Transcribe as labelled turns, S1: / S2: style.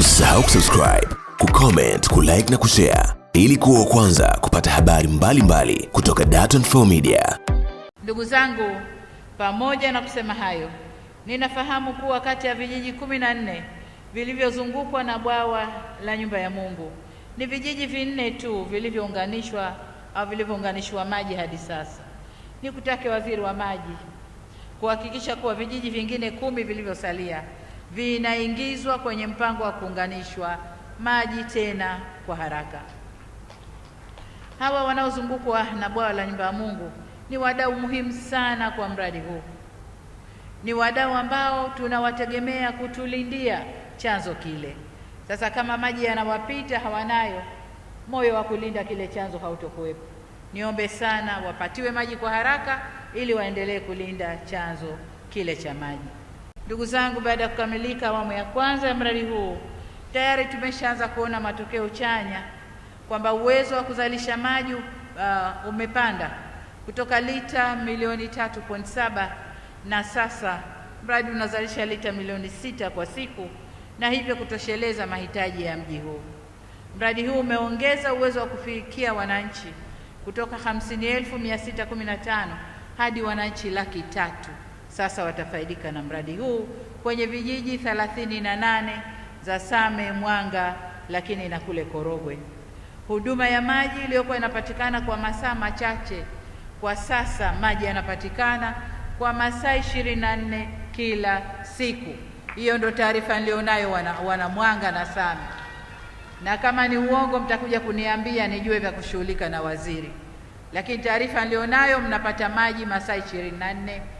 S1: Usisahau kusubscribe, kucomment, kulike na kushare ili kuwa kwanza kupata habari mbalimbali mbali kutoka Dar24 Media.
S2: Ndugu zangu, pamoja na kusema hayo, ninafahamu kuwa kati ya vijiji kumi na nne vilivyozungukwa na bwawa la nyumba ya Mungu ni vijiji vinne tu vilivyounganishwa au vilivyounganishwa maji hadi sasa. Nikutake Waziri wa Maji kuhakikisha kuwa vijiji vingine kumi vilivyosalia vinaingizwa kwenye mpango wa kuunganishwa maji tena kwa haraka. Hawa wanaozungukwa na bwawa la nyumba ya Mungu ni wadau muhimu sana kwa mradi huu. Ni wadau ambao tunawategemea kutulindia chanzo kile. Sasa kama maji yanawapita hawanayo, moyo wa kulinda kile chanzo hautokuwepo. Niombe sana wapatiwe maji kwa haraka ili waendelee kulinda chanzo kile cha maji. Ndugu zangu, baada ya kukamilika awamu ya kwanza ya mradi huu, tayari tumeshaanza kuona matokeo chanya kwamba uwezo wa kuzalisha maji uh, umepanda kutoka lita milioni 3.7 na sasa mradi unazalisha lita milioni sita kwa siku na hivyo kutosheleza mahitaji ya mji huu. Mradi huu umeongeza uwezo wa kufikia wananchi kutoka 50,615 hadi wananchi laki tatu sasa watafaidika na mradi huu kwenye vijiji thelathini na nane za Same, Mwanga lakini na kule Korogwe. Huduma ya maji iliyokuwa inapatikana kwa masaa machache, kwa sasa maji yanapatikana kwa masaa ishirini na nne kila siku. Hiyo ndo taarifa nilionayo wana, wana Mwanga na Same, na kama ni uongo mtakuja kuniambia nijue vya kushughulika na waziri, lakini taarifa nilionayo mnapata maji masaa ishirini na nne